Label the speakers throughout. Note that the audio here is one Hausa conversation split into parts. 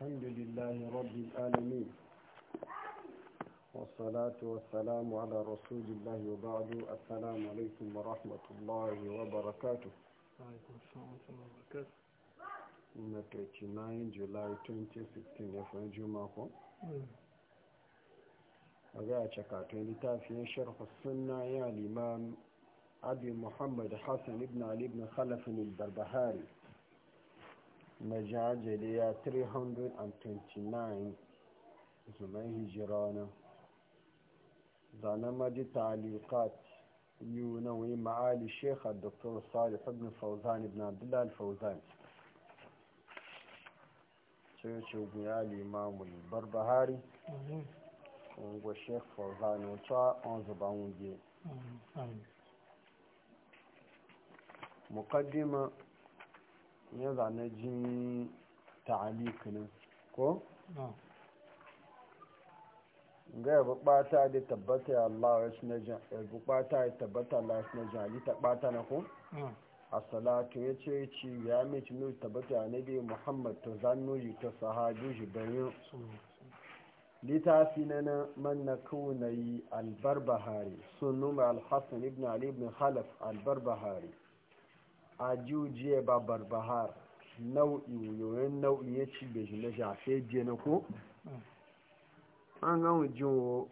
Speaker 1: الحمد لله رب العالمين والصلاة والسلام على رسول الله وبعد السلام عليكم ورحمة الله وبركاته
Speaker 2: وعليكم السلام ورحمة
Speaker 1: الله وبركاته na 29 july 2016 ya fi jumako a za a cakatun littafin sharfa suna ya liman abin muhammad hassan ibn ali ibn khalafin barbahari جلية 329 زمان هجرانا زانا مجي تعليقات يونوي معالي الشيخ الدكتور صالح بن فوزان بن عبد الله الفوزان شو معالي امام البربهاري ونقول الشيخ فوزان وشاء انزباون جي مقدمة ya zane jin ne ko? ga ya bukata da tabbata ya Allah ya na jan bukata ya tabbata na salatu ya ce ci ya mace tabbata ya nabi muhammad ta zanuri ta sahaju shi bayan littafi na na manna albar albarbahari sun numa alhassan ibn ali ibn albar albarbahari a e ba barbahar nau'i yoyin nau'i ya ci bai na shafe je na ko an gan wujewo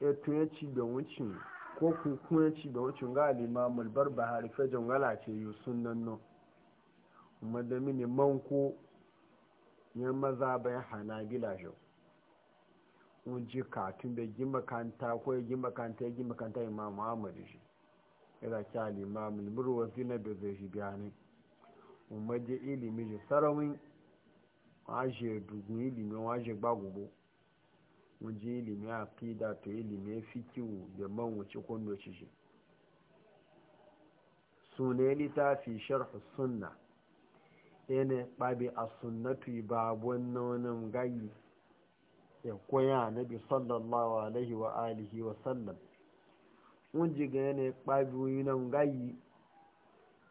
Speaker 1: ya e tun ya ci bai wucin ko kuku ya ci bai wucin ga alimamul barbahar fejin ce yi sun nan madami ne manko ya maza bayan hana gila shi wujika tun da gimakanta ko ya gimakanta ya gimakanta kanta imamu amadu shi ila ki al al-murwazi na da zai shi bayani umma je ilimi je sarawin waje dugun ilimi waje gbagubo mu je ilimi aqida to ilimi fikihu da man wuce kunno ci shi sune fi sharh sunna ene babi as-sunnatu babun nonon gayi ya koya nabi sallallahu alaihi wa alihi wa sallam unji ga yana kpabiyu yi nan gayi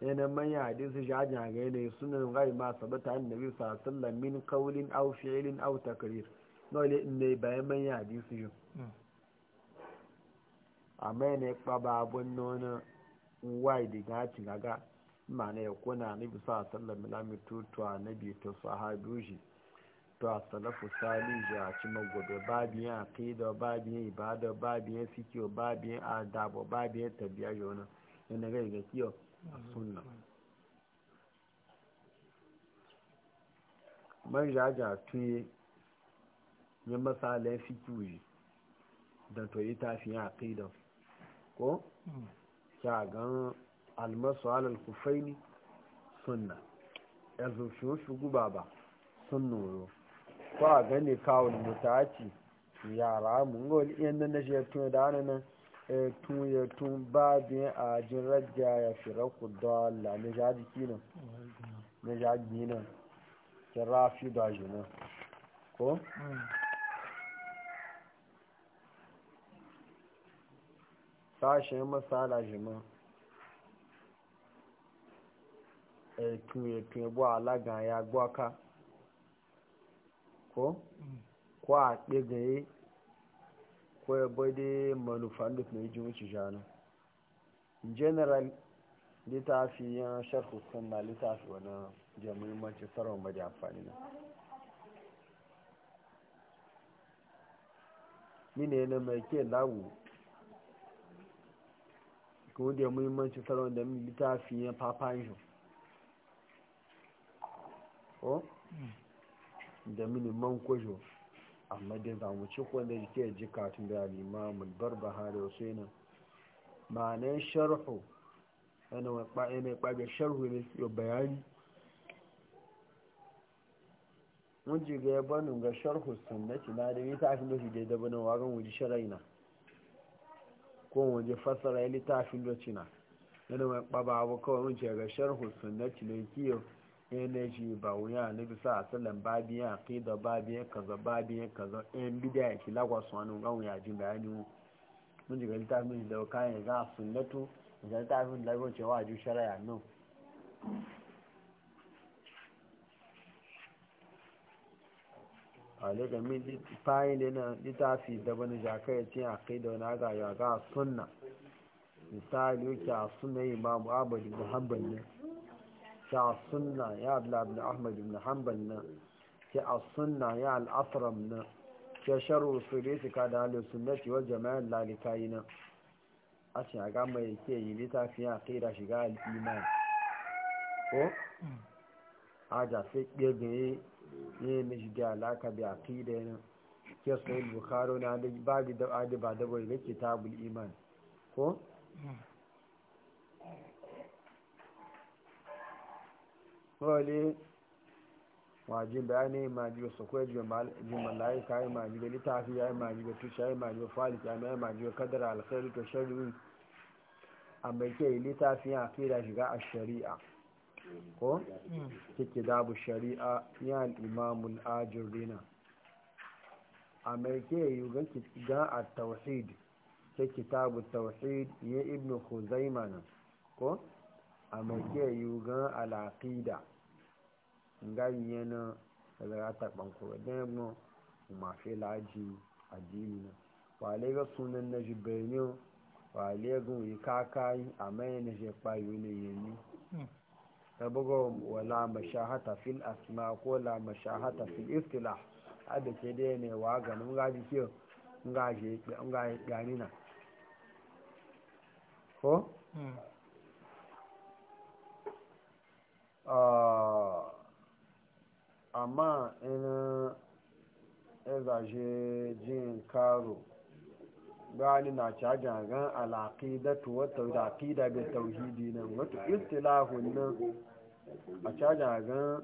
Speaker 1: yana manya hadisi shajin ga yana suna gayi ma sabata an nabi sallallahu min kaulin au fi'ilin au takrir nole ne bayan manya hadisi shi hmm. amma yana kpaba abun nona wai da gacin aga ma na ya kuna nabi sallallahu alaihi wasallam lamitu to nabi to sahabi shi to a salafu salih ya ci magwabe babiyan aqida babiyan ibada babiyan fikiyo babiyan adabo babiyan tabiya yona yana ga ga kiyo sunna man jaja tuye ya masalai fikiyoyi da to yi tafiyan aqida ko mm. gan almasu alal kufaini sunna yanzu shi guba ba sun noro ko a gane kawon mutaci yara mun gole nan na shiya tun da hannun e, tun ya tun ba biyan a jin rajya ya fi ku dala na jaji kinan na jaji nan ki rafi da nan ko? sashen masala jima e, tun ya tun ya bu alaga ya gwaka ko ko a ɗegaye ko ya bai da manufan da mai ji wuce jana general littafi yan sharhu sunna littafi wani jami'in mace sarwa da amfani na mine na mai ke lagu ko da muhimmanci sarwa da littafi yan papanjo ko mm. da mini man kwajo amma dai zamu ci kwanda ke ji katun da limamun da wasu yana ma'anar sharhu yana mai kpage sharhu ne yau bayani mun ji ga yabanin ga sharhu sun na da yi ta fi mafi dai dabanin wagon waje sharaina ko wuji fasara ya littafin na? yana mai ɓaba abu kawai mun ce ga sharhu sunnati ne kiyo ene shi ba wuya na bisa a sallan babiyan aqida babiyan kaza babiyan kaza en bidiya ki lagwa su wani ga wuya jin bayani mu mun ji ga littafin da kayan ga sunnatu da littafin da lagwa cewa ju shari'a no a daga min fayin da na littafi da wani jakai cin aqida wani ga ya ga sunna misali yake a sunna imamu abadu muhammad ne sai a sunna ya abla ahmad ibn hanbal na sai a sunna ya al'asram na sai sharu su da ka da halin sunnati wa jama'in lalikayi na a ce a gama ke yi littafi ya kai da shiga iman ko a ja sai ƙirgin yi na shi da alaka da aqida yana ke sai bukhari na da ba da ba da bai kitabul iman ko wale wajin bayanai imaji ba sakwai jimalayi ka yi maji ba littafi ya yi maji ba tushe ya yi maji ba falik ya yi maji ba kadara alkhairu to shari'i a mai ke yi littafi ya fi shiga a shari'a ko kike dabu shari'a ya imamun ajirina a mai ke yi ga a tawhid ke kitabu tawhid ya ibnu khuzaima ko a make yugan al'aqida ngayi yana daga ta bankura dan yabno ma fi laji addini na wale ga sunan na jibbeni wale ga yi kakai a mai na je payo ne yemi hmm. ta wala mashahata fil asma ko la mashahata fil istilah hada ke dai ne wa ga mun ga ji ke mun ga je mun ga gani na ko hmm. amma ah, ina ezaje jin karo gani na cajin gan da wata alaƙida bai tauhidi nan wata istilahun nan a cajin gan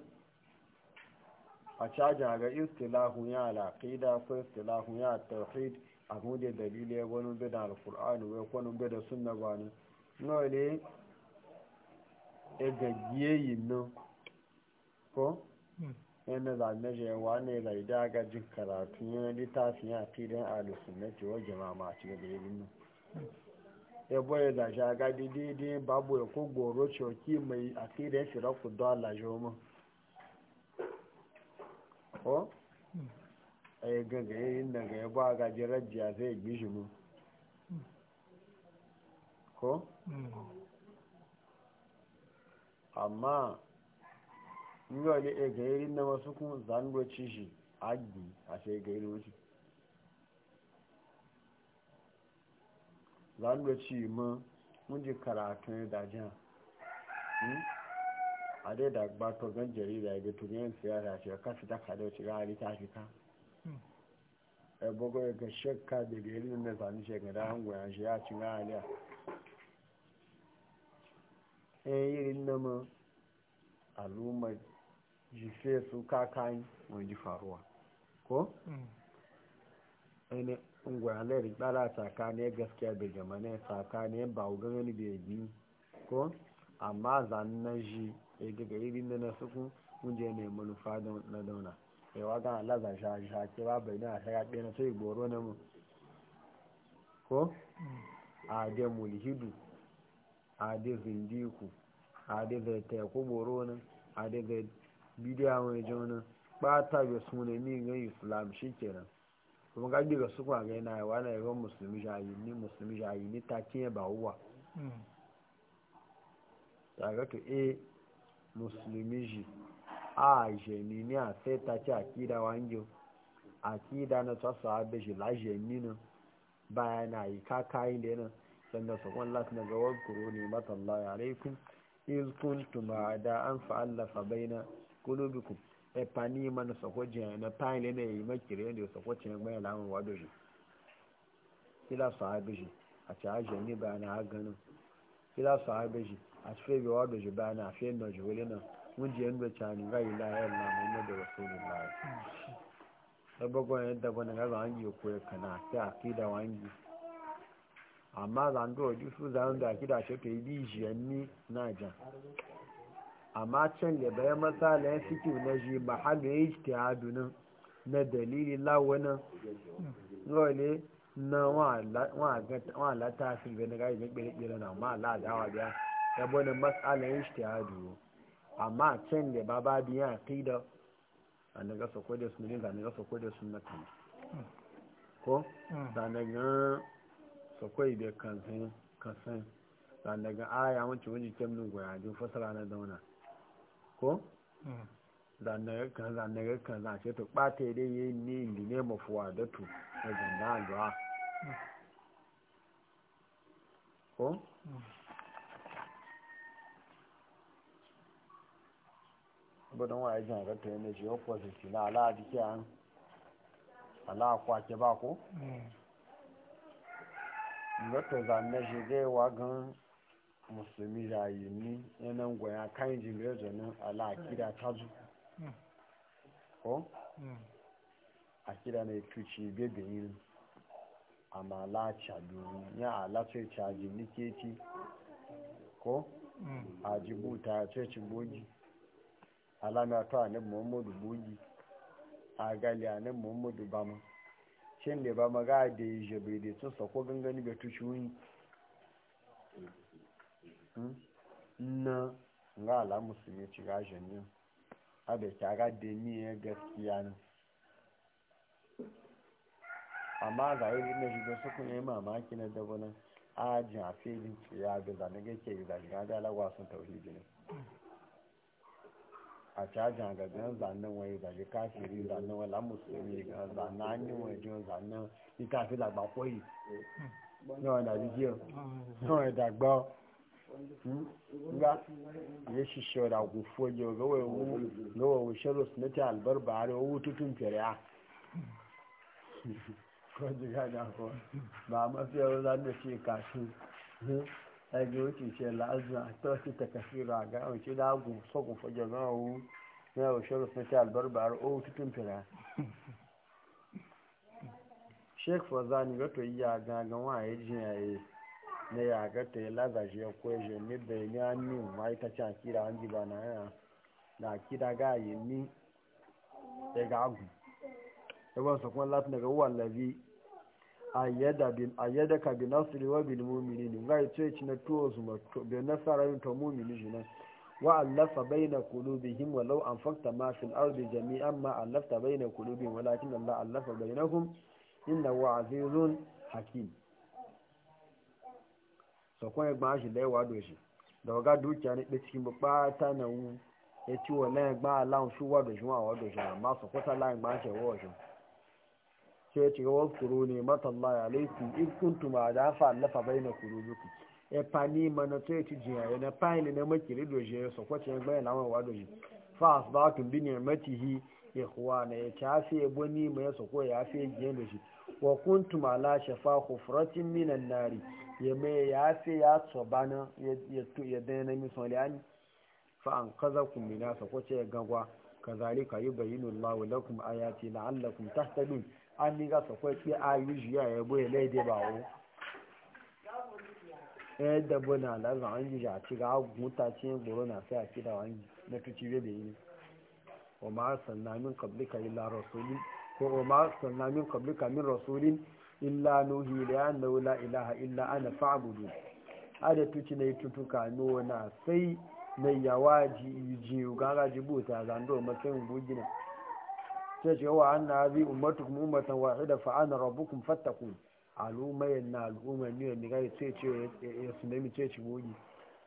Speaker 1: a cajin ga istilahun ya alaƙida ko istilahun ya tauhid a hudu dalilai wani bida alƙur'ani wai kwanin bida sunna gwani nawa ne egagiye yin nan ko yana zane jewa ne zai daga jin karatu yana littafin ya fi don alisun na cewa jama'a masu gaba irin nan hmm. ebo ya da didi di babu ya ko goro coki mai akirin firaku dala joma ko hmm. a yi gagaye yin daga ya ba gajin rajiya zai gbishi mu hmm. ko amma in yau ne a e gairi na masu kun zangoci shi agbi a sai gairi wuce zangoci ma mun ji karatun da jan hmm? a dai da gbato gan jarida ya gato ne siyasa ce ka fita ka da wuce rari ta fita hmm. e ya bugu ga shakka da gairi na zanu shekara hangoyan shi ya cin aliya yayin nama al'ummar jife su kakayi wani ji faruwa ko? ainihin mm. ungwalar tsara ne gaskiya da jamane ne ba ganin da yi ko amma zanen ji ya e daga irin da na suku kunje ne manufa na dauna yawa e ga alaza shaki ba bai na shaka ɗaya na sai goro na mu ko mm. a da mulhidu adị zindiku ade zai teku boro nan ade zai bidiya mai jona bata ga suna ni ga islam shi kenan kuma ga diga su kwa ga na na yawan musulmi shayi ni musulmi shayi ni ta kiyan ba uwa ta hmm. ga to e musulmi shi a je ni a ta ci akida wangyo akida na tsasa la je ni na yi sannan su kwan ga wani kuro ne matallahi alaikum iz kuntum ada an fa'allafa baina na kulubikun pani mana so ko na tayin yana yi makire ne so ko cin mai lamun wado shi kila sahabi shi a ci aje ni ba na ganin kila sahabi shi a ci fe bi wado shi ba na fe no jihuli na mun je ndo chani ga ila wasu na muhammadu da sabago yadda bana ga wangi ko kana ta da wangi amma zando ojú fún zando àkídà ṣe pé ibi ni na ja amma can ya bayan matsalayen fiki na shi mahalu ya yi ta nan na dalilin lawanan role na wa lata fi gani gari na kere-kere na ma ladawa biya ya bane matsalayen shi tihadu amma can da ba ba biya akida a na gasa kodin sunan da na gasa kodin sunan kan ko? Hmm. zanagan sakwai da kansan kasan daga aya wancan wani kemnin goyajin fasara na zauna ko? Hmm. ga kan zanagar kan za ce to ɓata dai yi ni ne mafuwa da tu da zanda alwa ko? abudan wa yi zanagar ta yi ne shi yau kwa zaki na ala a an ala kwa ke ba ko? Hmm. wato zane shigewa gan musulmi yi rayuni yanan goya kan jimre zonin ala akida ta zu ko hmm. akida na ikuci bebe yin amma lacha domin ya alace caji niketi ko hmm. a jibuta ya ce bogi alamata ne muhammadu bogi a gali a ne muhammadu bama cin da ba maga da yi jabe da tun sako gangani bai tushe wuni hmm? na ga ala musulmi ci gashin yin abe kyara da niyan gaskiya ne amma ga yi na shiga sukun yi mamaki na dabanan ajin a filin ciya da zanage ke yi da shiga da sun tauhidi ne a cajin gaggan zanen wani zaje kafiri zanen wani lamusulmi ga zanen hanyar wani jiyon zanen ikafi dàgbà koyi náà dàbí jíọ náà dàgbà nga ya ṣiṣẹ́ ọ̀dà kò fọ́jọ́ gọ́wọ́ ewu gọ́wọ́ ewu ṣẹlẹ̀ sinetí albarba rẹ̀ owó tutun fere a kọjú gáàdà kọ bàá ma fi ẹ̀rọ lánàá shi kàṣù ẹgbẹ́ ó ti ṣe láàzùn àti ọtí tẹkẹfìrà àgá òtí láàgùn fọjọ náà ó náà ó ṣọrọ fún ṣe àlùbárùbárù ó tuntun pèrà. sheikh fozani gato iya gangan wa ya ji yaye na ya gato ya lazashi ya kwashe ni bai ni an ni ma ita ce akira an ji na yana na ya ga e agu e ka bi nasiri wa bil mu'minin ga ce ci na tuwo zuma to bi nasara yin to mu'mini ne wa allafa baina qulubihim walau anfaqta ma fil ardi jami'an ma allafta baina qulubihim walakin Allah allafa bainahum innahu azizun hakim so ko e gba shi lewa do shi da ga dukiya ne be cikin bukata na wu ya e ci wa na gba Allah shi wa do shi wa do shi amma so ko ta la gba shi e wa do shi sai ya wa kuro ne matalla ya in kuntu ma da fa allafa bai na kuro zuku e pani mana sai ya ci jiya na pani na makiri doje ya sokwace ya bayan lawan wa fa asbatun bi mati hi ya ci hafi ya bani ma ya soko ya hafi ya jiya doje wa ma la shafa khufratin minan nari ya mai ya hafi ya tsobana ya dana misaliyani fa an kaza ku mina sokwace ya gagwa kazalika yubayyinu Allahu lakum ayati la'allakum tahtadun an ni gasa a yi jiya ya boye laide ba wo ya da bana lazan an ji a ci ga muta ci goro na sai a ìdáwà da wani na tuci bebe yi wa ma ko ma sanna min qablika min nuhi la annahu la ilaha illa ana fa'budu ada tuci ne tutuka no na sai mai yawaji ji ga ga jibuta sai ce wa an na zai umartu kuma umartan wasu da fa'ana rabukun fattakun al'ummayen na al'ummar ne da gari sai ce ya sunami ce ci gogi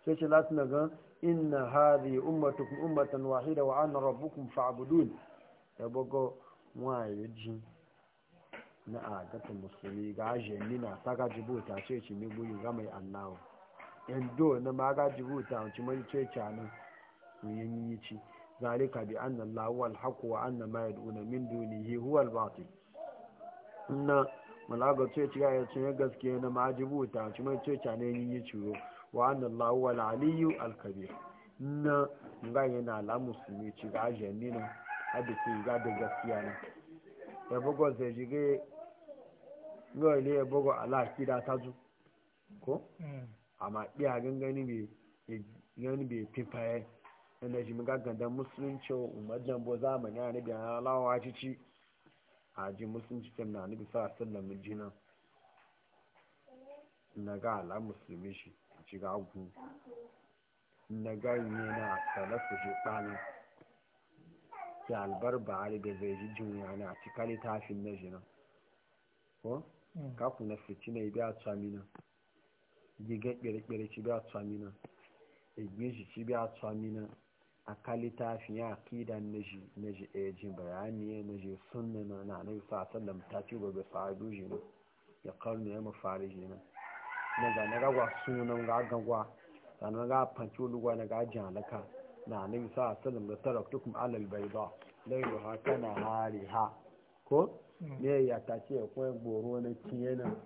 Speaker 1: sai ce lati na gan inna hadi umartu kuma wa wasu da wa'ana fa abudun ya bago waye ji na agatun musulmi ga ajiyar nina ta gaji bota ce ci ne goyi ga mai annawa yan do na ma gaji bota ci mai ce ci a nan yi ci zalika bi anna Allah huwa al wa anna ma yad'una min dunihi huwa al-batil inna malaga ce ci ga yace ne gaskiya na majibu ta ci mai ce ta ne yin yi wa anna Allah huwa al al-kabir inna ga yana la musulmi ci ga jani ne hadi ci ga da gaskiya na ya bugo sai ji ga ne ya bugo Allah kida ta zu ko amma iya gangani bi gani bi fifaye yana shi magagandan musulunci umarjan bo zamani a nabi a lawa cici a ji musulunci kan na nabi sa sallam jinan na ga ala musulmi shi ci ga agu na ga yi na su ji tsani ya albar ba a da zai ji yana a ci kali tafin na jina ko mm. kaku na fitina ibi a tsamina gigan kere-kere ci bi a tsamina igbe shi ci bi a tsamina a kalitafin ya akida na ji ejin bayani naji sunna na na na yusa sallam ta ci gobe sa'adu ji ne ya karni ya mafari ji na na zane ga ga ragagwa na ga fanci lugwa na ga halaka na ne sa sallam da taraktukum alal bai ba ha kana na hari ha ko ne mm. ya ta ce kuma goro na kiyanan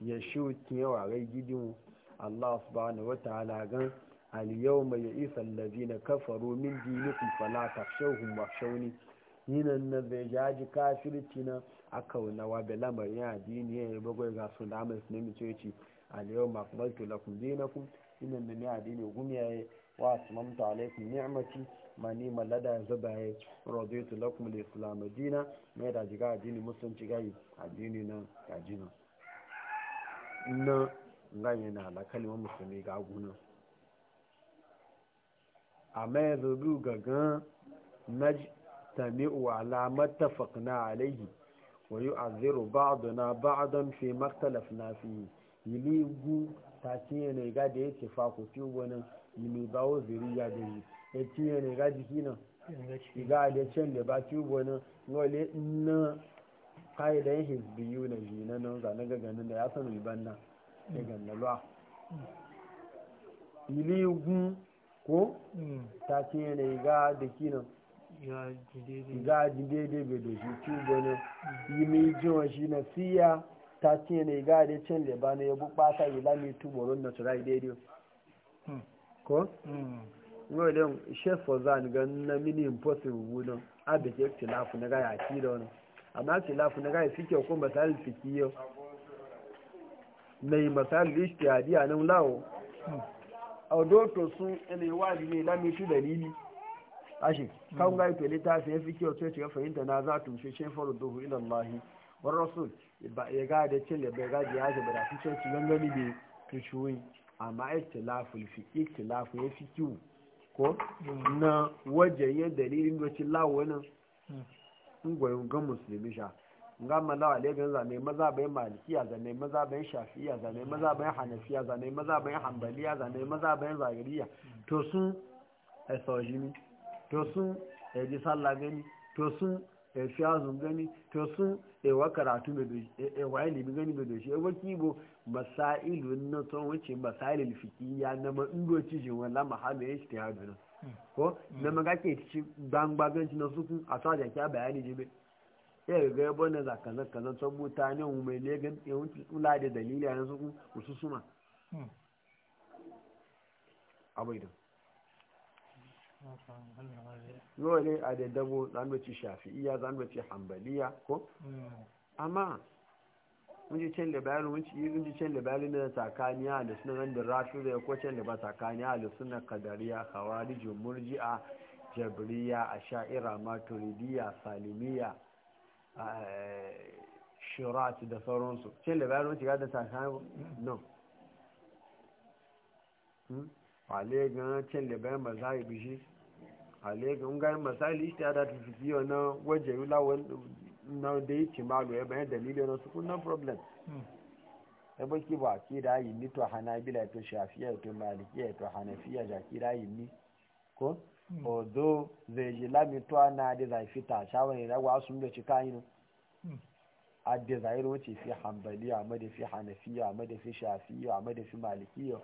Speaker 1: ya shi kiyawa rai gidin allah subhanahu wa ta'ala gan al-yawma ya'isa allazina kafaru min dinikum fala takhshawhum wakhshawni yinan na bai jaji kafirci na aka wa bai lamarin addini ya yi bagwai ga su da amurka na mitoci a da yau makamaltu lakum dinakum yinan na ne addini gumiyaye wa su mamta alaikum ni'amati ma ni ya mallada yanzu baye rozaitu lakum da islam dina mai da jiga addini musulunci gayi addini na gajina na ganyen na alakalimin musulmi ga gunan amma ya zubi gagan na tami'u alamar tafakna alaihi wa yi aziru ba'aduna ba'adun fi maktalaf na fi yili gu ta cinye ne ga da yake fako fi wani yili bawo ziri ya da yi ya cinye ne ga jiki nan ga da can da ba fi wani wale na ka'idan hizbiyu na shi na nan zane ga ganin da ya san riban nan ya ganna ba yili gu ko mm. ta ce yanayi ga da kinan ga daidai bai da shi ci gani mm. yi mai jiwa shi na siya ta ce yanayi ga da can leba na yabu bata yi lami tuboron na turai daidai mm. ko? yau da chef for zan na mini impossible gudun abin ke tilafu na gaya ki da wani amma tilafu na gaya fike ko masal fiki yau na yi masal ishtihadi a nan lawo a doto su ne wajibi na mitu dalili ashi kan ga ita littafi ya fi kyau ce ce fahimta na za tu duhu ila Allah wa rasul ya ga bai gaji ya ba da su ce ci gangani amma ko na wajen dalilin da ci hmm. ga musulmi sha nga malawa da za zane maza bayan malikiya zane maza bayan shafiya zane maza bayan hanafiya zane maza bayan hanbaliya zane maza bayan zagiriya to sun esojini to sun eji sallah gani to sun efi azun gani to sun wa karatu e, ewa ilimi gani bai doshi ewa kibo masailu na to wuce masailin fikiya na ma ma'indoci jin wala mahalu ya ci hmm. ta ko hmm. na magake ci ci na sukun a sa jaki a bayani jibe ya ga ya bane za kaza kaza ta buta ne ga yawanci tsula da dalili yanzu ku musu suma hmm. abaidan
Speaker 2: hmm.
Speaker 1: yau ne a da dabo zanwaci shafi'iya zanwaci hambaliya ko hmm. amma mun can da bayan mun yi mun can da bayan da tsakaniya da suna nan da rafi da ko can da ba tsakaniya da suna kadariya khawarij murji'a jabriya sha'ira maturidiya salimiya Eh, shirat da sauransu ce labarin shiga da sakamakon no wale hmm? gan ce labarin mazari bishi wale gan ganin mazari shi ta da tafi na waje yula na da yi malu ya bayan dalilin na su no problem hmm. ya ki ba ki da yi ni to hanabila to shafiya to malikiya to hanafiya ja ki da yi ni ko hmm. odo zai ji to na da zai fita shawani gwa wasu da cika yi hmm. adda zahiri wace fi amma mada fi hanafiya mada fi shafiya mada fi malikiya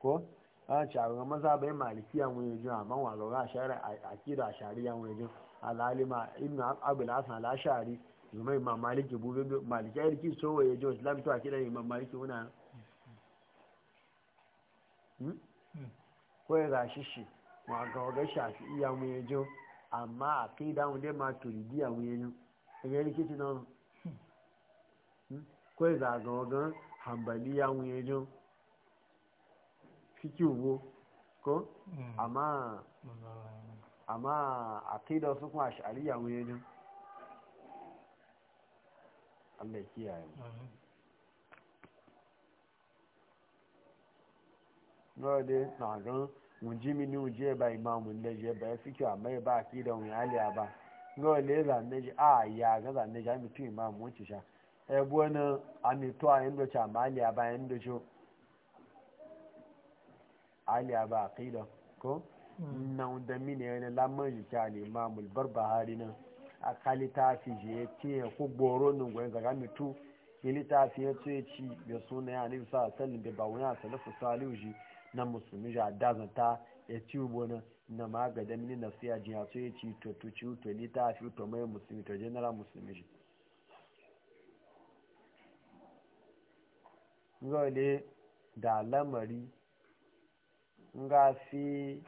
Speaker 1: ko a cewa maza bai malikiya mun yi jin amma wa lura shari'a a kira shari'a mun yi jin alalima ibn abul hasan la shari zumai ma maliki bube maliki ya riki so waye jin islam to akida imam maliki una ko ya gashi shishi. wọn àgàn ọdọ ṣàfi iye àwọn èèyàn jọ àmọ́ àkéde àwọn ọdẹ máa tòlì dí àwọn èèyàn ẹ̀yẹ́ ní kéṣin náà kó ẹ̀zà àgàn ọ̀gán àǹbàlí àwọn èèyàn jọ fíkì òwò kó àmọ́ àmọ́ àkéde ọ̀sùn fún àwọn wunji mini wunje ba imamun da je ba ya fi kyau amma ba a kida wani aliya ba ga wale ne ji a ya ga ne ji a mitu imamu wacce sha ya bu wani a mitu a yin doce amma aliya ba yin doce aliya ba hmm. a kida ko na wunda mini yana lamar jiki a limamul barbahari na a kalita fi je ya tiye ko goro nun gwanin zaga tu. ke littafi ya ce ci ga suna ya nisa a sallin da ba wani a salafu salihu shi na musulmi ya dazanta ya ci wani na magada mini na siya ji ya ce ci to to ci to littafi to mai musulmi to general musulmi shi zole da lamari nga fi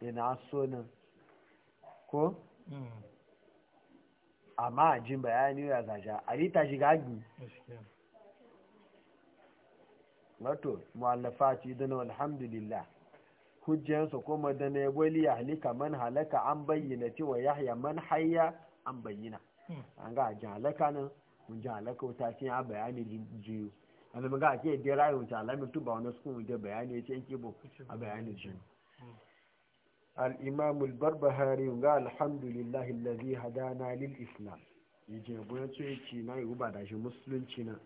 Speaker 1: ina so ko hmm. amma jin bayani ya zaja a rita shiga agi wato mu'allafati dana alhamdulillah hujjansa kuma da na yabali ya halika man halaka an bayyana ti wa yahya man hayya an bayyana hmm. an ga jin halaka nan mun jin halaka wata kin ya bayani jiyo an ga ake dira rayu ta alamin tuba wani sukun da bayani ya ce in kibo a bayani jiyo al’imamu barbahari ga alhamdulillah illazi hadana lil islam yaje buya ce ci na yi ba da shi musulunci na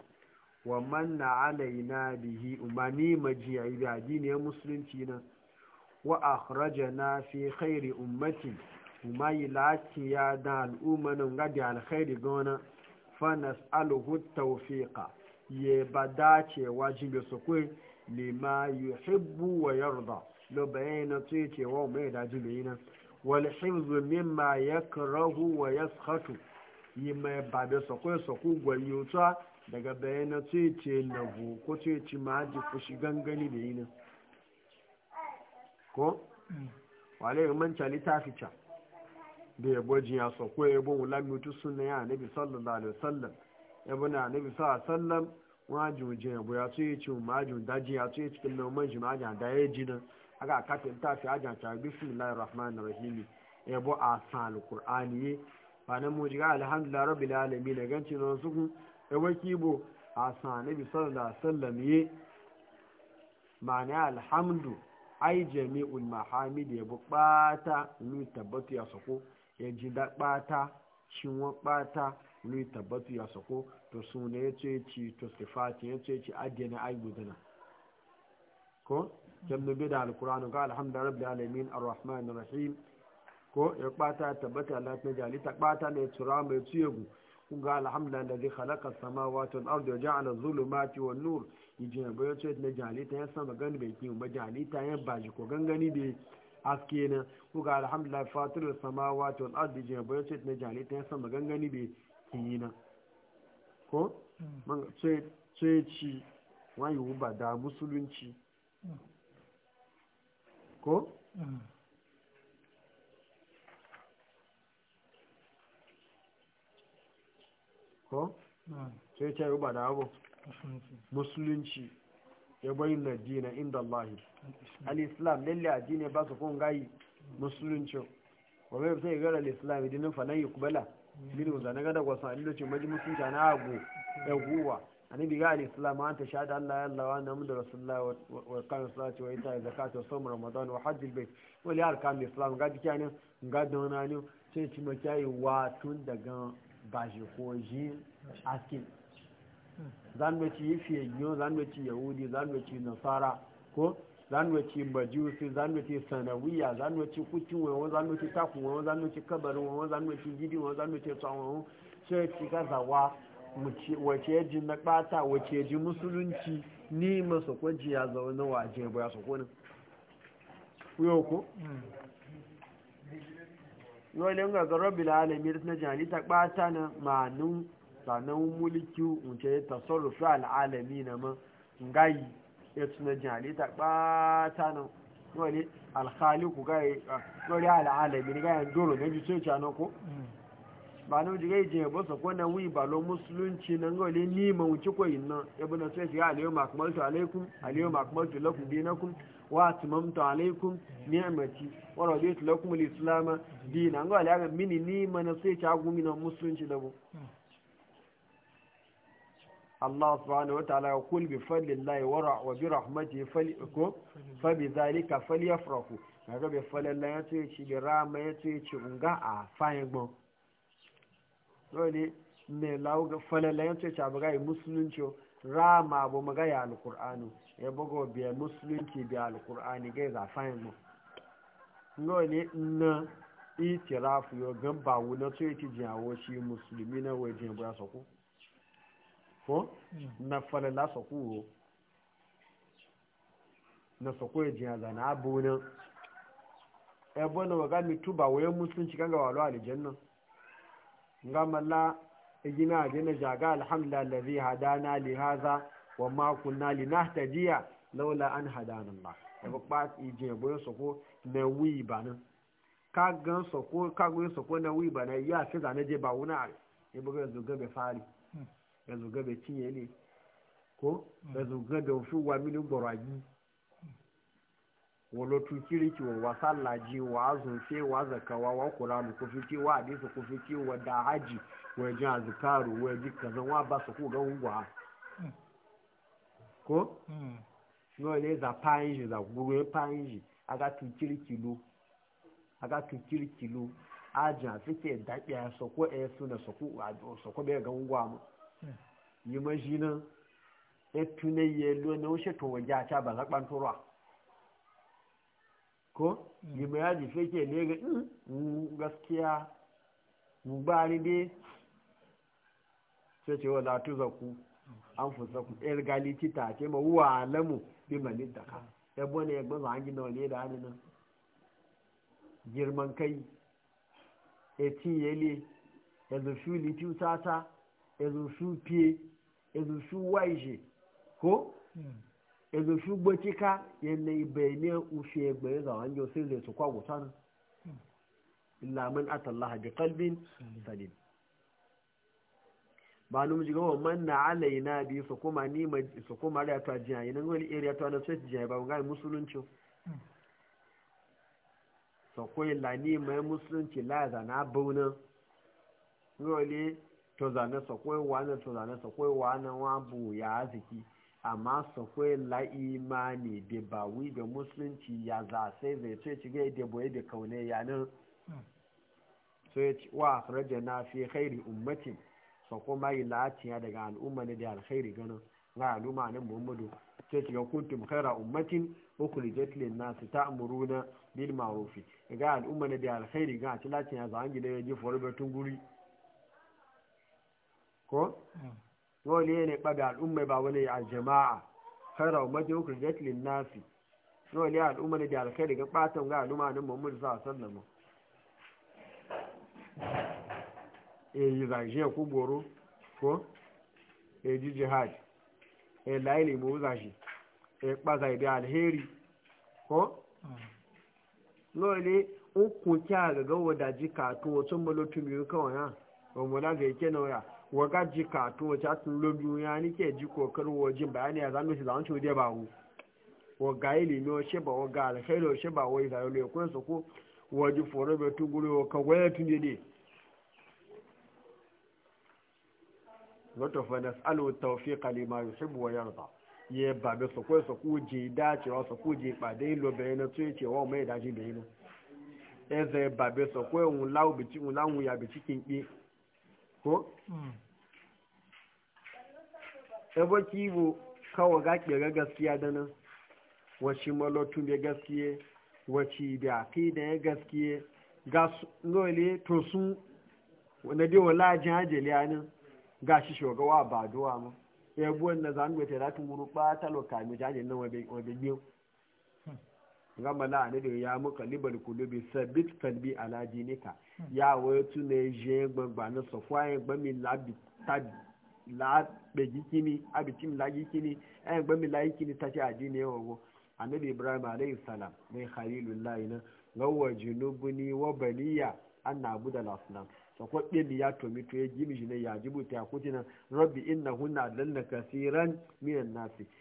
Speaker 1: wa manna alaina bihi umani majiya ga ya musulunci na wa akhrajana fi khairi ummati umayi lati ya da al'umma nan ga da alkhairi gona fa nas'aluhu tawfiqa ye badace wajibi sokwe lima yuhibbu wa yarda لبين bayana يوم cewa mai daji مما يكره ويسخط يما يبعد yakrahu wa yaskhatu yi mai ba da sako sako gwayyota daga بينا كو ce na bu ko tuye ci ma ji fushi gangani da yi nan ko wale yi manca littafi ca da yabo wula mutu suna ya nabi sallallahu alaihi wasallam yabo na nabi sallallahu alaihi wasallam wajin jiya bu ya tuye ci ma daji ya cikin nan man shi ma da ya ji nan aga katin ta fi ajan ta bismillahir rahmanir rahim bo asan qur'ani fa nan mu jiga alhamdulillah rabbil alamin gan ganci non su ku e waki bo asan nabi sallallahu alaihi wasallam ye ma'ana alhamdu ai jami'ul mahamid bo bata ni tabbatu ya sako ya ji da bata cinwa bata ni tabbatu ya sako to sune yace ci to sifati ce ci adiyana ai gudana ko jamnu bida alkur'anu ga alhamdulillah rabbil alamin arrahman arrahim ko ya kwata tabbata lafiya jali ta kwata ne tsura mai tsiyegu ga alhamdulillah da zai halaka sama wato arda ja'ala zulumati wan nur yijin bayan ce na jali ta yasa magani bai kiyu ba jali ta yan baji ko gangani bai aske na ga alhamdulillah fatir sama wato arda yijin bayan ce na jali ta yasa magani bai kiyi na ko ce ce ci wani ba da musulunci ko ko sai ta yi ba da abu musulunci ya bayin da dina inda Allahi al-islam lalle addini ba su kun gayi musulunci wa bai sai gara al-islam idinin fa kubala mm. min zanaga da gada gwasa a lokacin maji na abu mm. ya annabi ga al-islam an ta shahada Allah ya Allah wa Muhammadu rasulullah wa kan salati wa ita zakat wa sawm ramadan wa hajj al-bayt wa li arkan islam ga dike ne ga dona ne sai ci makai wa tun daga baje ko jin askin zan me ci fiye yo zan me ci yahudi zan me ci nasara ko zan me ci majusi zan me ci sanawiya zan me ci kucin wa zan me ci takun wa zan me ci kabarin wa zan me ci gidi wa zan me ci tsawon sai ci wa. wace ya ji na ɓata wace ya ji musulunci ni masu kwanci ya zaune waje ba su kone yauko yau ne ga zarar bilalamin na janita ɓata na ma'anin sanan mulki wuce ya tasarrufi al'alami na ma ngayi ya tuna janita ɓata na yau ne gaya gaye al'alami na gayen doro na jisoci na ko? Mm. ba na jiga ije ba ko na wi ba lo musulunci nan ga wale ni ma wuce ko yin nan ya bana sai shiga aliyu makamaltu alaikum aliyu makamaltu lakum dinakum wa atmamtu alaikum ni'amati wa raditu lakum al-islam dinan ga wale mini ni ma na sai ta gumi na musulunci da bu Allah subhanahu wa ta'ala ya kul bi Allah wa ra wa bi rahmati faliku fa bi dhalika falyafrahu kaga bi fadli Allah ya ce ci bi rama ya ce ci unga a fayin gbon dole ne lawo ga falalayen ce ta bugai musulunci rama bu magai alqur'ani ya bugo biya musulunci biya alqur'ani gai za fayin mu dole na itirafu yo gan ba wuna to yake jawo shi musulmi na waje ba sa ku ko na falala sa ku na sa y'a ya zana abunan ebe na waga mitu ba wayan musulunci kan ga walo nan? gama la igina na jaga alhamdulillah allazi hadana li hadha wa ma kunna linahtadiya laula an hadana Allah ebe pa ije so soko na wi banan ka gan soko ka so ko na wi banan ya se da je ba wuna bo ga ga be fari ya hmm. ga be tiye ni ko ya hmm. zuga da fu wa minu boraji wolotu kiriki wa wasallaji wa azunfe wa zakawa wa kuranu ko fiti wa hadisi ko fiti wa da haji wa ji azkaru wa ji kazan wa ba su ko ga ungwa ko hmm. no ne za panji za guru panji aga tu kiriki lu aga tu kiriki lu aja fike dabiya so ko e su na so ko so ko be ga ungwa mu hmm. yi majinan e tunayelo ne o she to waja ta ba zakban a. ko yi mm. sai ke ne ga mm, gaskiya mu ba ni dai sai ce wala ku an fusa ku ɗaya galiti ta ce ma wa alamu bi malin da ka mm. ya bane ya gbaza hangi na wale da hannu nan girman kai ya yele ya zufu litiu tata ya zufu fiye ya zufu waishe ko yanzu shugabanci ka yanayi bayanin ushe ní zawon yau sai zai su kwago sana ilamin atallaha bi kalbin salim ba nu mujiga wa manna alaina bi su kuma ni ma su kuma da ta jiya yanan wani area ta na sai jiya ba ga musulunci so ko la ni ma musulunci la za na na so ko wa na tọ̀zà na so ko wa na wa bu ya aziki amma sakwai la'imani da ba wi da musulunci ya za sai zai ce ci gai da boye da kaune ya nan hmm. so ya ci wa afiraja na fi khairi ummatin kuma yi la'atiya daga al'umma ne da alkhairi ganin ga al'umma nan muhammadu ce ci ga kuntum khaira ummatin ukhrijat ta amuru na bil marufi ga al'umma ne da alkhairi ga ci la'atiya za a gida ya ji forbatun guri ko hmm. wani ne ɓaga al'umma ba wani a jama'a khaira ummati ukhrijat lin nasi wani al'umma ne da alkhairi daga batan ga al'umma na muhammadu sallallahu alaihi wasallam eh zaje ku goro ko eji eh, jihad e eh, laili mu zaje eh kpaza ibi alheri ko wani ukun kya ga gawo da jika to tun malotumi kawai ha ba ga yake na waga jika to wace asin lobi ya nike ji kokarin wajen bayani a zanen shi zanen cewa ba hu waga yi limi wace ba waga alkhairu wace ba wai zayo ne kun su ko waje foro bai tuguri wa kagwaya tun ne ne wato fa nas'alu tawfiqa lima yuhibbu wa yarda ye ba be so ko so ku ji dacewa so ku ji pade lo be na tuye cewa mai daji be no eze ba be so ko un lawo bi ti un lawo ya bi cikin ki ko mm. ebo kibo kawo ga kere gaskiya da nan wacce malotun da gaskiye wacce da kai da ya gaskiye ga nole to sun wanda dai wala jin hajjali anin ga shi shugawa ba duwa ma ebo wanda zanuwa ta latin wuru ba ta lokami jajin nan wabe biyu gama la ne da ya muka libar kulubi sabit kalbi ala dinika ya wayo tune je gbagba na sofwa en gbami labi tabi la be gikini abi tim la gikini gbami la gikini ta ci adini wogo annabi ibrahim alayhi salam mai lai na gawa junubuni wa baliya an nabuda al to ko ɗin ya to mi to ya gimi shi ne ya jibuta ya kutina rabbi innahunna adalla kasiran minan nasi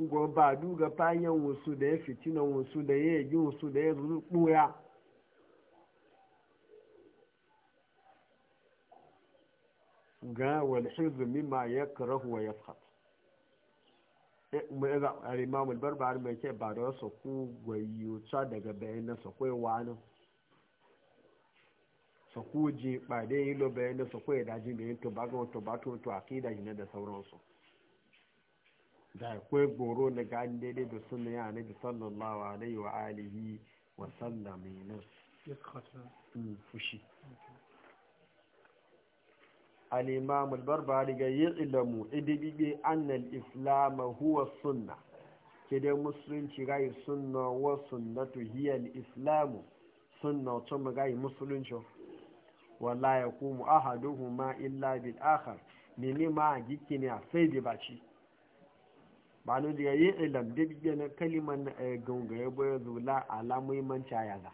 Speaker 1: ngo ba duga fayan wasu da ya fitina wasu da ya yi wasu da ya zuru ɓuya eh, ga walhizu ma ya karahu wa ya fat al-imam al-barbari mai ke ba da wasu ku gwayyuta daga bayan na sakwai wani sakuji ba dai yi lo bayan na sakwai dajin da yin tobago tobato to akida na da sauransu da akwai goro na gani daidai da suna ya nabi sallallahu alaihi wa alihi wa sallami nan hmm, fushi barbari ga yi ilamu idibibe annal islam huwa sunna ke dai musulunci gai suna wa sunnatu hiya islamu suna sunna mu gai musulunci wala ya kuma ma illa bil akhar ne ne ma gikini a sai da baci ma'anu da yayi ilam da biye na kaliman na eh, gunga ya bayar zula ala muhimmanci ya za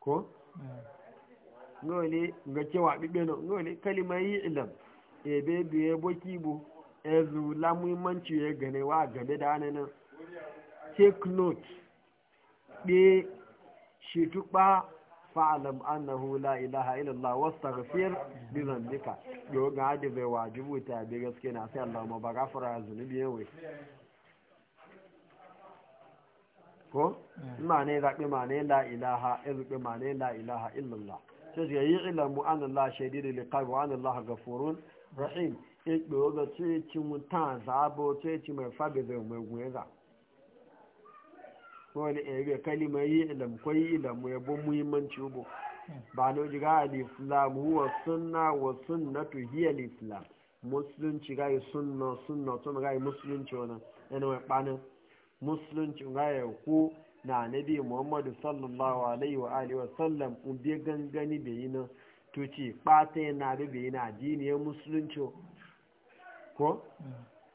Speaker 1: ko
Speaker 2: hmm.
Speaker 1: ngole ga cewa bibe no ngole kalimar yi ilam ebe eh, ya boki bu e eh, zula muhimmanci ya gane wa gabe da nan take note be shi tukpa fa'alam annahu la ilaha illallah wastaghfir bi duka yo ga hadi bai wajibu ta bi gaske na sai Allah ma ba gafara zunubi wai. ko eh. mane zabi mane la ilaha izbi mane la ilaha illallah sai ga yi ilmu an Allah shaidiri liqab wa anna Allah ghafurun rahim ikpe ga ce ci mutan zaɓo ce ci mai fabe zai mai za wani ebe kalima yi ilam kwai ilam ya bon muhimmanci ubo ba na jiga al-islam huwa sunna wa sunnatu hiya al-islam musulunci ga sunna sunna to ga musulunci wannan yana mai banin musulunci ga ya ku na nabi muhammadu sallallahu alaihi wa alihi wa sallam un bi gangani be yi nan to ce fata yana da be yi na addiniyar musulunci ko mm.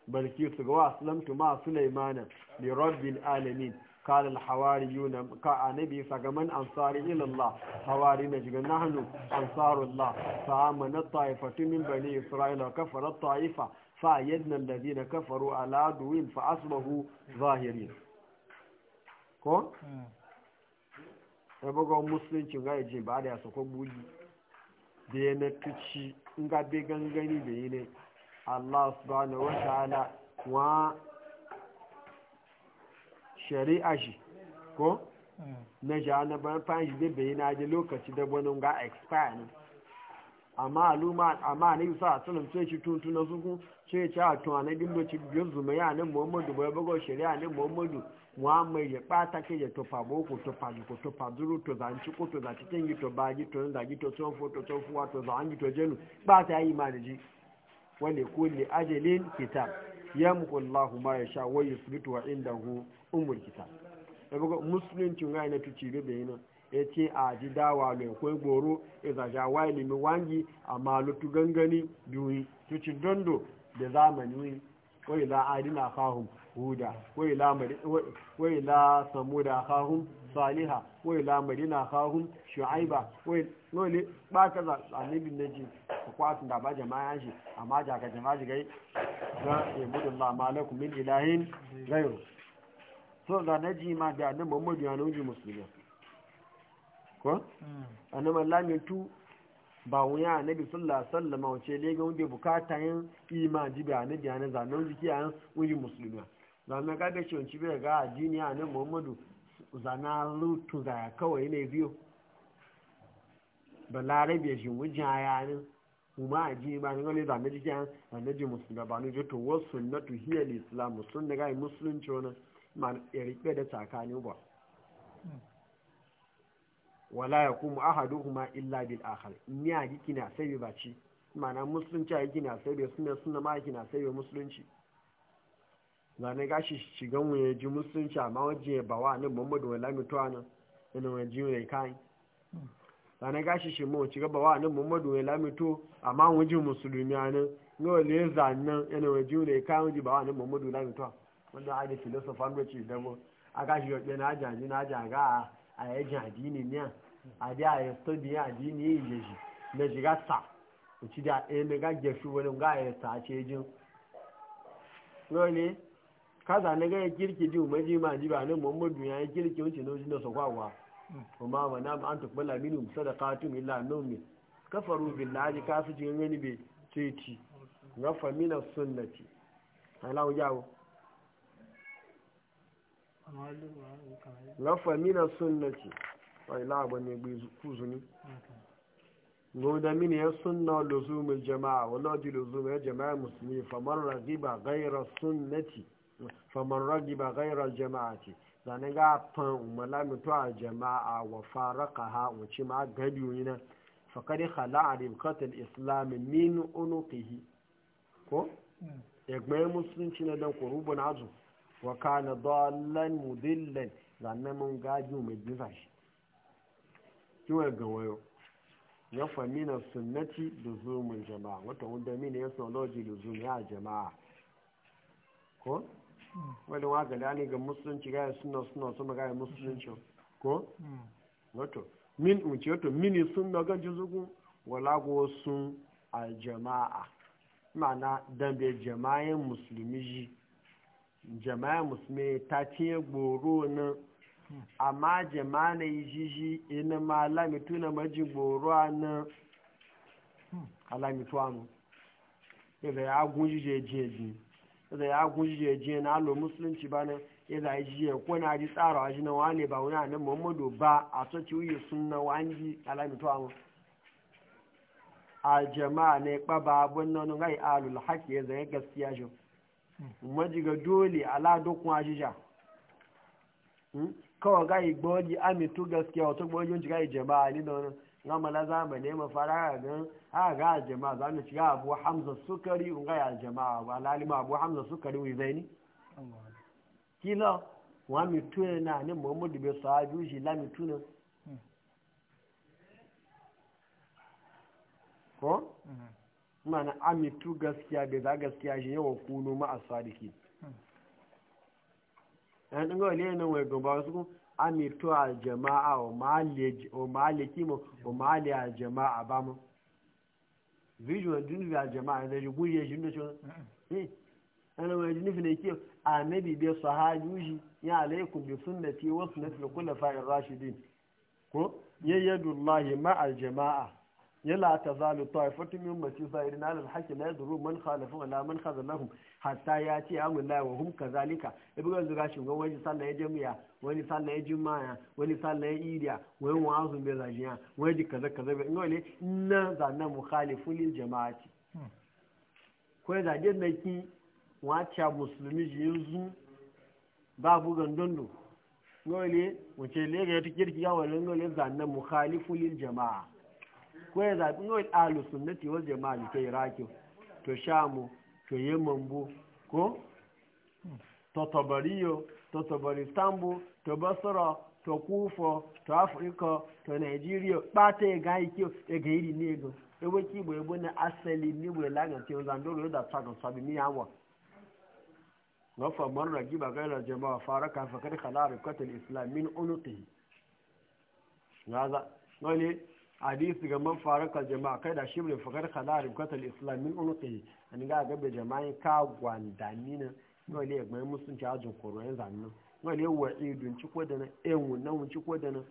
Speaker 1: balki su ga wa aslamtu ma sulaimana mai rabbil alamin قال الحواريون كأنبي فقمن أنصار إلى الله حواري نجد نحن أنصار الله فآمن الطائفة من بني إسرائيل وكفر الطائفة فأيدنا الذين كفروا على دوين فأصبحوا ظاهرين ko? ɗabagon musulunci ga yaje ba da ya sako buji da ya na tuci in gabe gangani da yi ne allah subhanahu wa ta'ala wa shari'a shi ko hmm. na ja na ban fahimci shi zai bayyana ji lokaci da wani ga expire ne amma aluma amma ne sa sunan sai shi na suku sai ci a tun anabin da ci biyar zuma ya ne muhammadu bai bago shari'a ne muhammadu muhammadu ya bata ke ya tofa boko tofa ko tofa zuru to zanci ko to zanci tengi to baji to zagi to son foto to wa to zangi to jenu ba ta yi ma da ji wani kulli ajalin kitab yamqu ma yasha wa yuthbitu wa indahu umul kitab da buga musulunci ga na tuci be bayina ya ce a ji dawa mai e kwai goro ya e zaja wai limi wangi a malutu gangani biyu tuci dondo da zamani wai la adina fahum huda wai la wai la samuda fahum saliha wai la madina fahum shu'aiba wai ne ba ka za annabi naji ku kwatu da ba jama'a shi amma jaka jama'a shi gai ga ibudullah malakum min ilahin gairu so da na ji ma da annan muhammadu na nauji musulmi ko annan mallamin tu ba wuya annabi sallallahu alaihi wasallam wace dai ga wanda bukata yin iman da ba annabi na zanen jiki an wuji musulmi zanen ga ga shi bai ga addini nan muhammadu zana lutu da kawai ne biyo larabe shi wujin ayanin kuma a ji ba ngale da mai jikin annabi musulmi ba ne to wasu sunnatu hiya al-islam sunna ga musulunci wannan ya riƙe da tsakanin ba wala ya kuma ahaduhuma illa bil akhar ni a giki na sai ba ci mana musulunci a giki na sai bai suna suna ma giki na sai bai musulunci na gashi shigan mu ya ji musulunci amma waje ya bawa nan muhammadu wala mutuwa nan yana wani ji ne kai na gashi shi mu ci gaba wa nan muhammadu wala mutu amma waje musulmi nan ne wale zan nan yana wani ji ne kai waje bawa nan muhammadu wala mutuwa wanda a da filosofa ga ci damo a ka shi yoke na jaji na jaga a yi ji adini ne a da ya study ya adini ya yi shi na shiga sa uci da ɗaya eh, na gaggar shi wani ga ya sa ce jin lole kaza na ga ya kirki ji umarji ma ji ba nan muhammadu ya yi kirki wuce na wajen da su kwakwa kuma ma na an tukbala da katun illa nomi kafaru billahi kafi jin wani bai ce ci rafa mina sunnati alawu yawo lafa mina ce wai la'aba ne gbe kuzuni gwamda mini ya sunna luzumul jama'a wani walodi ya jama'a musulmi famar ragiba gaira sunnati famar ragiba jama'a jama'ati zane ga fan umarla mutu a jama'a wa ka ha wuce ma gadi na fakari Hala, a ribkatul islam Minu, unuqihi ko hmm. egbe musulunci na dan kurubun azu wa kana dalan mudillan zanna mun gaji mai giza shi kiwa ga wayo ya na sunnati luzumul jama'a wata wanda min ya soloji luzum ya jama'a ko wani wa gada ne ga musulunci ga suna suna suna gaya musulunci ko wato min unce wato mini sunna ga juzugu wala go sun aljama'a ma'ana dambe jama'in musulmi ji jama'a musme ta ce goro na amma jama'a na yi jiji ina ma alamitu na maji goro na alamitu amu yadda ya gunji je je ji yadda ya gunji je je na alo musulunci ba na yadda ya jiye ko na ji tsara waji na wane ba wani anan muhammadu ba a soci wuyi sun na wani alamitu amu a jama'a ne kpaba abun nan ngai alul haƙi ya zai gaskiya shi majiga dole ala dokun ajija hmm? kawai ga igboji amitu gaskiya wato gboji wunci ga jama'a ni da wani gama na zamani ma fara ga a ga jama'a za mu shiga abuwa hamza sukari unga ya jama'a ba lalima abuwa hamza sukari wai zai ni kila wa mi na ni muhammadu bai sa juji la mitu na? Hmm. ko hmm. mana amitu gaskiya bai za gaskiya shi yawa kunu ma sadiki yan ɗin ne liyan nan wai gaba wasu amitu a jama'a o ma'ali kima o ma'ali a jama'a ba mu visual dunubi a jama'a da shi guje shi da shi ana mai dunubi ne ke a nabi bai su sahabi shi ya alaikum bi sunnati wa nafi da kula fa'in rashidin ko yayyadu Allah ma jama'a yala ta zalu ta'ifatun min mace sa'irin alal haƙi na yadda man khalafin ala man khazalahum hatta ya ce amin lai wa hum kazalika ibi ga zuga shi wani sallah ya jami'a wani sallah ya jimaya wani sallah ya idiya wani wazun bai zajiya wani ji kaza kaza bai ina wale na zanna mukhalifun lil jama'ati hmm. ko ya zaje na ki wace musulmi ji yanzu ba babu gandondo ngole wace lega ya tukirki ya wale ngole zanna mukhalifun lil jama'a waya zaɓi wani alu sunnati wal jama'a ke iraki to shamu to yamambo ko to tabariyo to tabaristanbo to basra to kufo to afirka to nigeria ɓata ya ga ike ga iri ne ga ewe ki igbo egbo na asali ni igbo lagan ti ozan doro yau da tsakan sabi ni yawa nafa marar giba gairar jama'a fara kafin kada kala rikatar islam min unuti gaza hadisi ga man faraka jama'a kai da shi mai fakar kala rubkatul islam min unuqi an ga gabe jama'a ka gwandani na no le gbe musun ta ajin koro yan zannin no le wa idun ci ko da na enwu na mun ci ko da na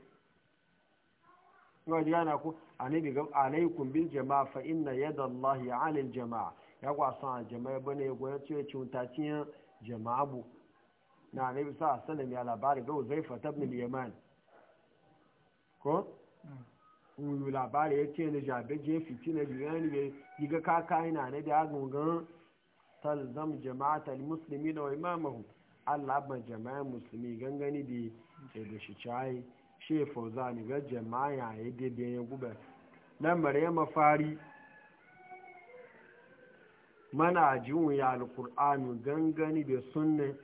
Speaker 1: no yana ko a nai kumbin bil jama'a fa inna allah ya al jama'a ya kwa san jama'a bane ya ya ce ci mutaciyan jama'a bu na anabi sa sanin ya labari ga uzaifa ibn al yaman ko wuyu labari ya ce na jabe je fiti na jirani ne diga kaka ina na da agungan talzam jama'atal musulmi na imamahu Allah ban jama'a musulmi gangani bi ce da shi cai she ni ga jama'a ya yi daidai ya gube lamar yamma mafari mana jiwon ya alkur'anu gangani da sunne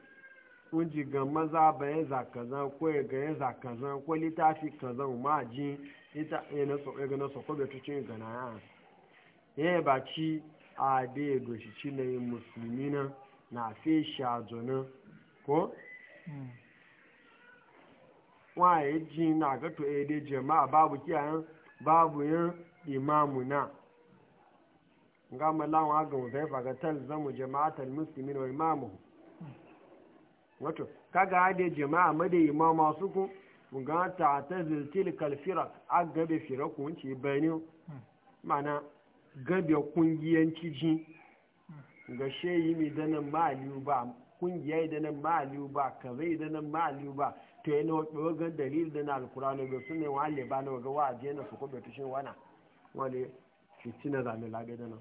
Speaker 1: kun ji ga maza bayan zakazan kwaye ya ga ya zakazan ko littafi kazan ma ji. ita yana tsoron gana sako da cikin gana ya ya ba ci a da ya chi na yin musulmi na na fi shazo na ko hmm. waye ji na ga to eh jama'a babu kiyayen babu yin imamu na ga malawa ga mu zai faga tal jama'atul muslimin wa imamu hmm. wato kaga da jama'a made imamu su ko ga ta ta zirtil kalfira a gabe firakun ce bani mana gabe kungiyanci ji ga sheyi mai danan ma'aliyu ba kungiya idanan ma'aliyu ba kaza idanan ma'aliyu ba ta yi na wagan dalil da na alkurano ga su ne wale ba na waga wa'aje na su kuma tushen wana wale fitina zane labe da nan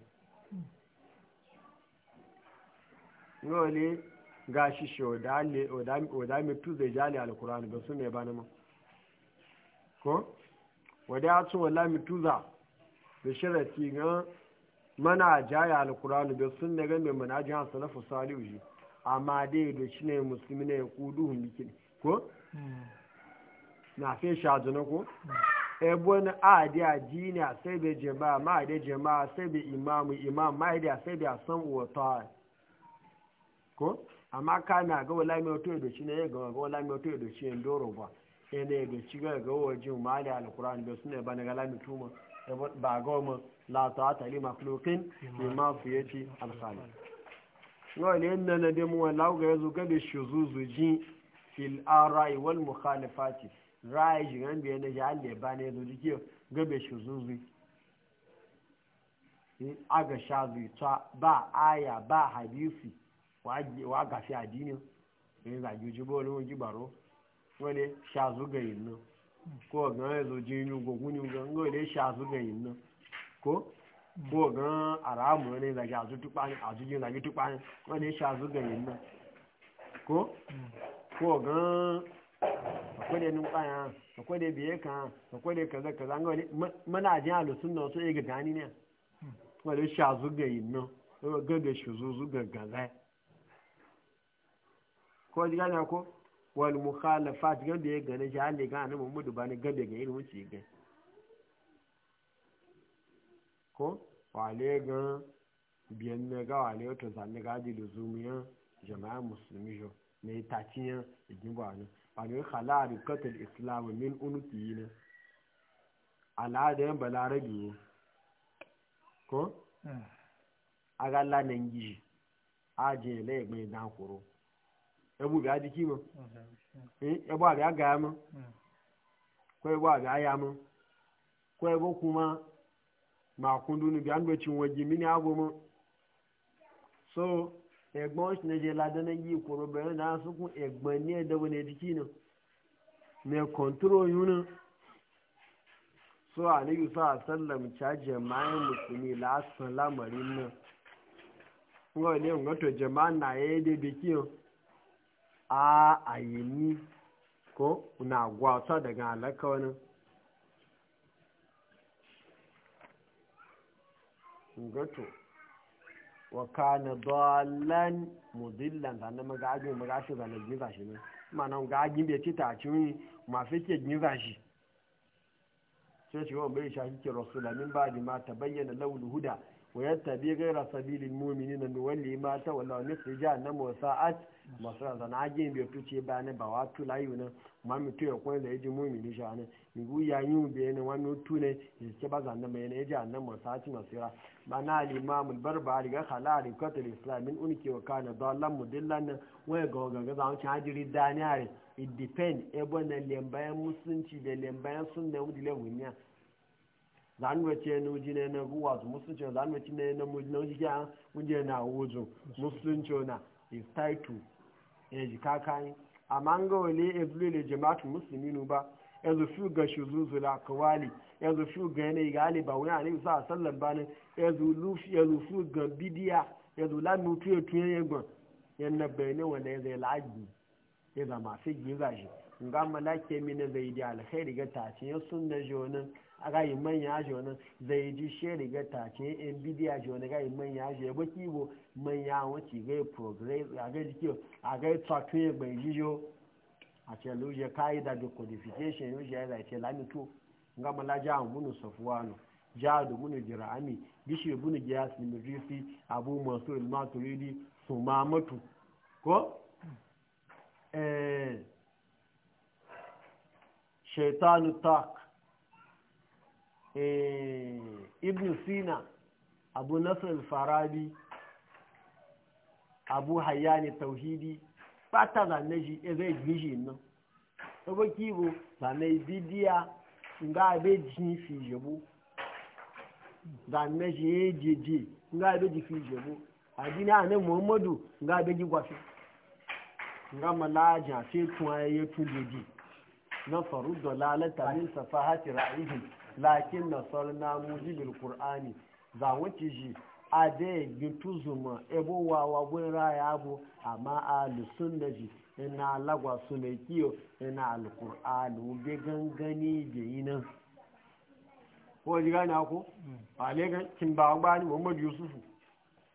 Speaker 1: wale gashi shi odami tu zai jali alkurano ga su ne ba na ma ko wadatu wala mituza da sharati ga mana jaya alqur'ani da sunna ga mai manajin salafu salihu ji amma dai da shi ne musulmi ne kuduhun bikin ko na fe na ko hmm. ebon adi ajini sai be jama'a ma adi jama'a sai be imamu imam ma adi sai be san uwata ko amma kana ga wala mai to da shi ne ga wala mai to da shi ndoro ba sai ne ga ci ga ga wajen mali alkur'ani da suna ba na gala tuma ba ga mu la ta ta li makhluqin bi ma al khali no ne nan na demu wallahu ga zu ga ji fil arai wal mukhalifati rai ran biya na ya alle ba ne zu dike ga be shuzuzu aga shazu ta ba aya ba hadisi wa ga fi adini ne za jujubo ne gibaro wale shazu ga yin nan ko gan ya zo jin yi gogun yi gan wale shazu ga yin nan ko ko gan aramu ne da shazu tukpani ga yin nan da numfaya akwai da biye ka da kaza kaza ga wale mana jin alusun nan so ya ga gani ne wale ga ko wal mukhalafat gan da ya gane shi halle ga annabi Muhammadu bani gabe ga irin wuce ga ko wale ga biyan na ga wale to zanne ga ji luzumiyan jama'a musulmi jo ne tatiyan idin ba ne wale khala rikatul islam min unuki ne al'ada yan balarabi ko hmm. agalla nan gishi ajin lai mai dan kuro ẹbú bíi adìkí mọ ẹbú àbí ya mọ kọ ẹbú àbí ya mọ kọ ẹbú kuma màá kún dunu bíi àgbẹ̀ tí wọ́n jí mí ní mọ. so ẹ̀gbọ́n ṣẹlẹ̀ ládánná yìí kúrò bẹ̀rẹ̀ náà sunkún ẹ̀gbọ́n ní ẹ̀dẹ́wọ̀ ní adìkí náà ní yún so aliyu sa sallam ca jama'in musulmi la lamarin nan. Ngo ne ngato jama'a na yayi da nọ. a ni ko na gwata daga alaka wani gato wa kana dalan mudillan da na maga ajin maga shi ne mana ga ajin bai ci ta ci ma fi ke gin shi sai shi wani bai shi ke rasula min ba ma ta bayyana laulu huda ويتبي غير سبيل المؤمنين نولي ما تولى نصف جهنم وساءت مصر زنا عجين بيوتوشي بان بواتو لايونا ما متو يكون يجي مؤمنين شانا يقول يا يوم بينا وما يوتونا يسكبا زنا بينا جهنم وساءت مصيرا معنى الإمام البربري قال خلا ركوت الإسلام من أنك وكان ضالا مدلا ويقول غزا عن شاجر الدانياري it depend ebo na lembayan musulunci da lembayan sunna wudi lewunya zanwace na uji na yana guwa su musulunci na zanwace na yana muji na uji kya muje na wuzo musulunci na is tied to e, ya ji kakani amma ga wale ya e, zule da jama'atun musulmi nu ba ya e, zufi ga shi zuzula kawali ya fi ga yanayi gali ali ba wani alayhi sa sallan ba ne ya zufi ga bidiya ya zula mutu ya tuye ya gban yan na bayanin wanda ya zai la'agi ya zama fi giza shi nga malake mina zai da alkhairi ga tace ya sunna jonin a gayi manya aji wani zai ji sheri ga tace yan bidiya ji wani gayi manya aji ya baki bo manya wanci gai progress a gai jiki a gai tsakiya bai jijo a ce luje kayi da decodification yau shi ya zai ce lamito nga mala ja munu safuwanu ja da munu jira'ami bishir bunu giyas nimirisi abu masu ilmaturidi su mamatu ko eh. shaitanu tak Eh, ibn sina abu nasir farabi abu hayani tauhidi fata zane shi ebe eh, gishi nan sabo kibo zane bidiya nga abe jin fi jebu zane shi eh, nga abe ji fi jebu adini ane muhammadu nga abe ji gwafi nga malaja sai tun ayayyatun jeje na faru dalalata min safahati ra'ihim lakin na nasar na bil qur'ani za ci shi a dai gitu zuma ebo wawa gun raya abu amma a lusun da ji ina lagwa su mai kiyo ina alkur'ani bi gangani da yi nan ko ji gani mm. ako ne ga kin ba ba ni muhammad yusufu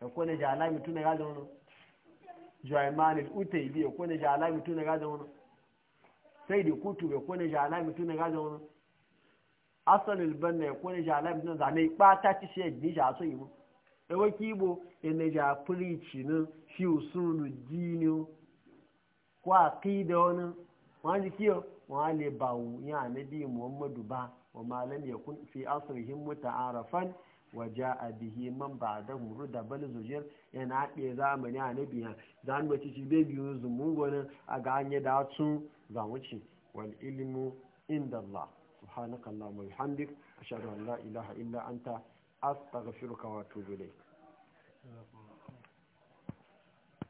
Speaker 1: da kone ji alami tuna gaza wani jaimani ute ibi da kone ji alami tuna gaza wani sai da kutu da kone ji alami tuna gaza wani asalin banna ya kone shi alabi na zane kpata ci shi yadda shi aso ibu ewe kibo ene ja pirici na shi usulu dini ko aqida wani wani ji kiyo wani le bawu ya anabi muhammadu ba wa malam ya kun fi asrihim muta'arafan wa ja'a bihi man ba'dahu ruda bal zujir yana ɗe zamani anabi ya zan ba ci be biyu zumu gona a ga anya da tun zamuci wal ilmu inda subhanaka allahumma wa bihamdik la ilaha illa anta astaghfiruka wa atubu